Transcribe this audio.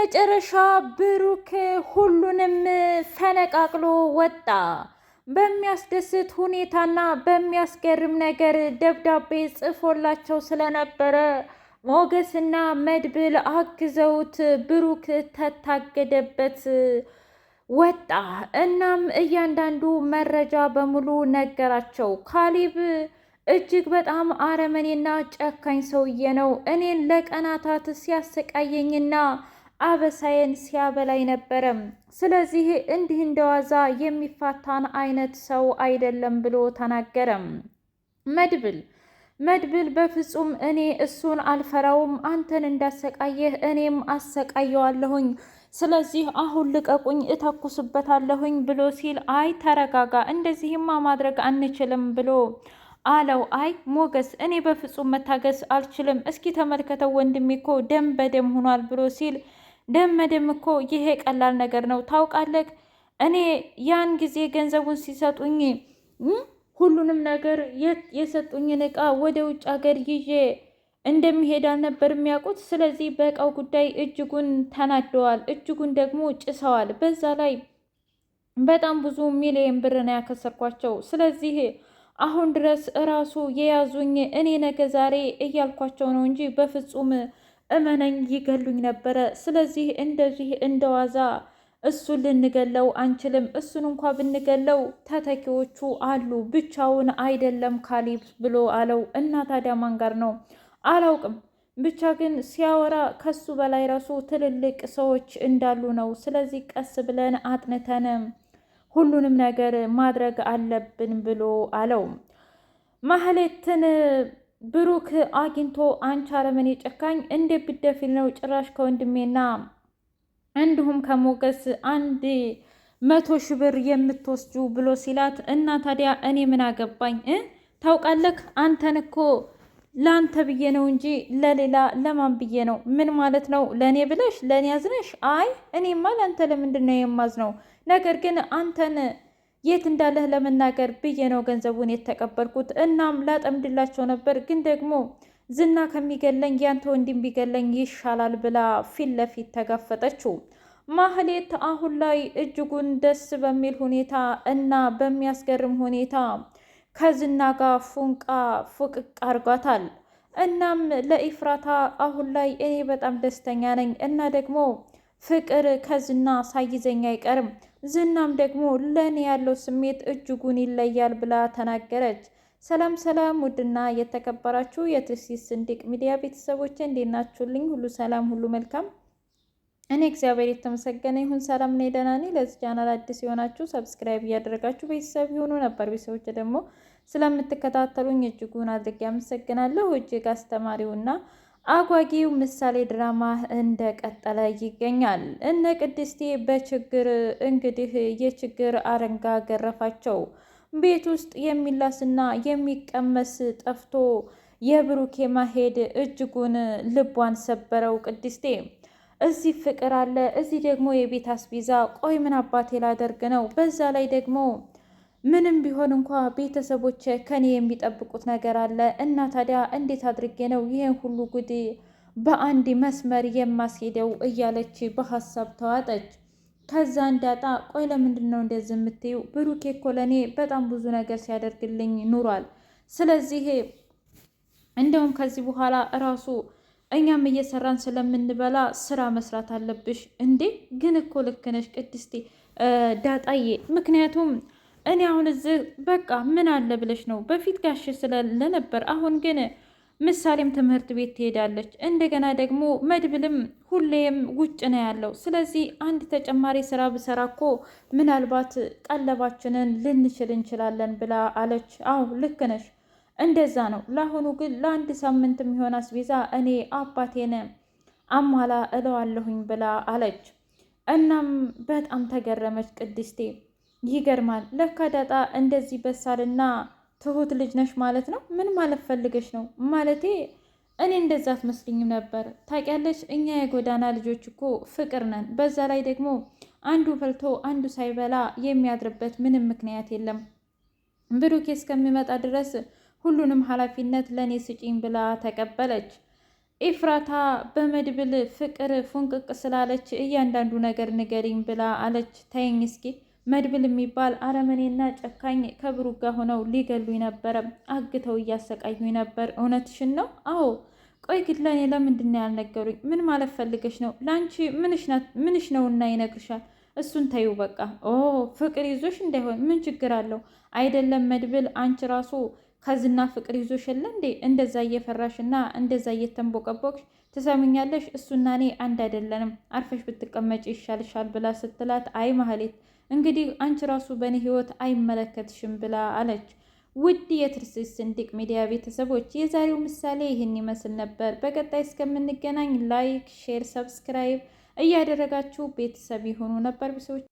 በመጨረሻ ብሩክ ሁሉንም ፈነቃቅሎ ወጣ። በሚያስደስት ሁኔታና በሚያስገርም ነገር ደብዳቤ ጽፎላቸው ስለነበረ ሞገስና መድብል አግዘውት ብሩክ ተታገደበት ወጣ። እናም እያንዳንዱ መረጃ በሙሉ ነገራቸው። ካሊብ እጅግ በጣም አረመኔና ጨካኝ ሰውዬ ነው። እኔን ለቀናታት ሲያሰቃየኝና አበሳዬን ሲያበላይ ነበረም። ስለዚህ እንዲህ እንደዋዛ የሚፋታን አይነት ሰው አይደለም ብሎ ተናገረም። መድብል መድብል በፍጹም እኔ እሱን አልፈራውም። አንተን እንዳሰቃየህ እኔም አሰቃየዋለሁኝ። ስለዚህ አሁን ልቀቁኝ፣ እተኩስበታለሁኝ ብሎ ሲል አይ ተረጋጋ፣ እንደዚህማ ማድረግ አንችልም ብሎ አለው። አይ ሞገስ፣ እኔ በፍጹም መታገስ አልችልም። እስኪ ተመልከተው ወንድሜ እኮ ደም በደም ሆኗል ብሎ ሲል ደም እኮ ይሄ ቀላል ነገር ነው ታውቃለህ። እኔ ያን ጊዜ ገንዘቡን ሲሰጡኝ ሁሉንም ነገር የሰጡኝን እቃ ወደ ውጭ ሀገር ይዤ እንደሚሄድ አልነበር የሚያውቁት። ስለዚህ በእቃው ጉዳይ እጅጉን ተናደዋል፣ እጅጉን ደግሞ ጭሰዋል። በዛ ላይ በጣም ብዙ ሚሊየን ብር ነው ያከሰርኳቸው። ስለዚህ አሁን ድረስ እራሱ የያዙኝ እኔ ነገ ዛሬ እያልኳቸው ነው እንጂ በፍጹም እመነኝ ይገሉኝ ነበረ። ስለዚህ እንደዚህ እንደዋዛ እሱን ልንገለው አንችልም። እሱን እንኳ ብንገለው ተተኪዎቹ አሉ፣ ብቻውን አይደለም ካሊብ ብሎ አለው። እና ታዲያ ማን ጋር ነው? አላውቅም። ብቻ ግን ሲያወራ ከሱ በላይ ራሱ ትልልቅ ሰዎች እንዳሉ ነው። ስለዚህ ቀስ ብለን አጥንተን ሁሉንም ነገር ማድረግ አለብን ብሎ አለው። ማህሌትን ብሩክ አግኝቶ አንቺ አረመኔ ጨካኝ እንደ ብደፊል ነው ጭራሽ ከወንድሜና እንዲሁም ከሞገስ አንድ መቶ ሺህ ብር የምትወስዱ ብሎ ሲላት፣ እና ታዲያ እኔ ምን አገባኝ? ታውቃለህ አንተን እኮ ለአንተ ብዬ ነው እንጂ ለሌላ ለማን ብዬ ነው? ምን ማለት ነው? ለእኔ ብለሽ ለእኔ አዝነሽ? አይ እኔማ ለአንተ ለምንድን ነው የማዝነው? ነገር ግን አንተን የት እንዳለህ ለመናገር ብዬ ነው ገንዘቡን የተቀበልኩት። እናም ላጠምድላቸው ነበር፣ ግን ደግሞ ዝና ከሚገለኝ ያንተ ወንድም ቢገለኝ ይሻላል ብላ ፊት ለፊት ተጋፈጠችው። ማህሌት አሁን ላይ እጅጉን ደስ በሚል ሁኔታ እና በሚያስገርም ሁኔታ ከዝና ጋር ፉንቃ ፉቅቅ አርጓታል። እናም ለኢፍራታ አሁን ላይ እኔ በጣም ደስተኛ ነኝ እና ደግሞ ፍቅር ከዝና ሳይዘኝ አይቀርም፣ ዝናም ደግሞ ለእኔ ያለው ስሜት እጅጉን ይለያል ብላ ተናገረች። ሰላም ሰላም፣ ውድና የተከበራችሁ የትርሲስ ስንድቅ ሚዲያ ቤተሰቦች እንዴት ናችሁልኝ? ሁሉ ሰላም፣ ሁሉ መልካም። እኔ እግዚአብሔር የተመሰገነ ይሁን ሰላም ነኝ፣ ደህና ነኝ። ለዚህ ቻናል አዲስ የሆናችሁ ሰብስክራይብ እያደረጋችሁ ቤተሰብ የሆኑ ነበር ቤተሰቦች ደግሞ ስለምትከታተሉኝ እጅጉን አድርጌ አመሰግናለሁ። እጅግ አስተማሪውና አጓጊው ምሳሌ ድራማ እንደቀጠለ ይገኛል። እነ ቅድስቴ በችግር እንግዲህ የችግር አረንጋ ገረፋቸው። ቤት ውስጥ የሚላስና የሚቀመስ ጠፍቶ የብሩኬ ማሄድ እጅጉን ልቧን ሰበረው። ቅድስቴ እዚህ ፍቅር አለ፣ እዚህ ደግሞ የቤት አስቤዛ፣ ቆይ ምን አባቴ ላደርግ ነው? በዛ ላይ ደግሞ ምንም ቢሆን እንኳ ቤተሰቦች ከኔ የሚጠብቁት ነገር አለ እና ታዲያ እንዴት አድርጌ ነው ይህን ሁሉ ጉድ በአንድ መስመር የማስሄደው እያለች በሀሳብ ተዋጠች። ከዛ እንዳጣ ቆይ ለምንድን ነው እንደዚህ የምትዩ? ብሩኬ እኮ ለእኔ በጣም ብዙ ነገር ሲያደርግልኝ ኑሯል። ስለዚህ እንደውም ከዚህ በኋላ እራሱ እኛም እየሰራን ስለምንበላ ስራ መስራት አለብሽ። እንዴ ግን እኮ ልክ ነሽ ቅድስቴ ዳጣዬ፣ ምክንያቱም እኔ አሁን እዚህ በቃ ምን አለ ብለሽ ነው? በፊት ጋሽ ስለለ ነበር። አሁን ግን ምሳሌም ትምህርት ቤት ትሄዳለች። እንደገና ደግሞ መድብልም ሁሌም ውጭ ነው ያለው። ስለዚህ አንድ ተጨማሪ ስራ ብሰራ እኮ ምናልባት ቀለባችንን ልንችል እንችላለን ብላ አለች። አዎ ልክ ነሽ፣ እንደዛ ነው። ለአሁኑ ግን ለአንድ ሳምንት የሚሆን አስቤዛ እኔ አባቴን አሟላ እለዋለሁኝ ብላ አለች። እናም በጣም ተገረመች ቅድስቴ ይገርማል። ለካ ዳጣ እንደዚህ በሳልና ትሁት ልጅ ነሽ ማለት ነው። ምን ማለት ፈልገሽ ነው? ማለቴ እኔ እንደዛ አትመስልኝም ነበር። ታውቂያለሽ፣ እኛ የጎዳና ልጆች እኮ ፍቅር ነን። በዛ ላይ ደግሞ አንዱ በልቶ አንዱ ሳይበላ የሚያድርበት ምንም ምክንያት የለም። ብሩኬ እስከሚመጣ ድረስ ሁሉንም ኃላፊነት ለእኔ ስጪኝ ብላ ተቀበለች። ኤፍራታ በመድብል ፍቅር ፉንቅቅ ስላለች እያንዳንዱ ነገር ንገሪኝ ብላ አለች። ታይኝ እስኪ መድብል የሚባል አረመኔና ጨካኝ ከብሩ ጋር ሆነው ሊገሉኝ ነበረ፣ አግተው እያሰቃዩኝ ነበር። እውነትሽን ነው? አዎ። ቆይ ግን ለእኔ ለምንድን ነው ያልነገሩኝ? ምን ማለት ፈልገሽ ነው? ለአንቺ ምንሽ ነው እና ይነግርሻል? እሱን ተይው በቃ። ኦ ፍቅር ይዞሽ እንዳይሆን ምን ችግር አለው? አይደለም መድብል፣ አንቺ ራሱ ከዝና ፍቅር ይዞሽ የለ እንዴ? እንደዛ እየፈራሽና እንደዛ እየተንቦቀቦቅሽ ትሰምኛለሽ። እሱና እኔ አንድ አይደለንም፣ አርፈሽ ብትቀመጭ ይሻልሻል ብላ ስትላት አይ ማህሌት እንግዲህ አንቺ ራሱ በእኔ ህይወት አይመለከትሽም ብላ አለች። ውድ የትርሲስ ስንዲቅ ሚዲያ ቤተሰቦች የዛሬው ምሳሌ ይህን ይመስል ነበር። በቀጣይ እስከምንገናኝ ላይክ፣ ሼር፣ ሰብስክራይብ እያደረጋችሁ ቤተሰብ የሆኑ ነበር ብሰዎች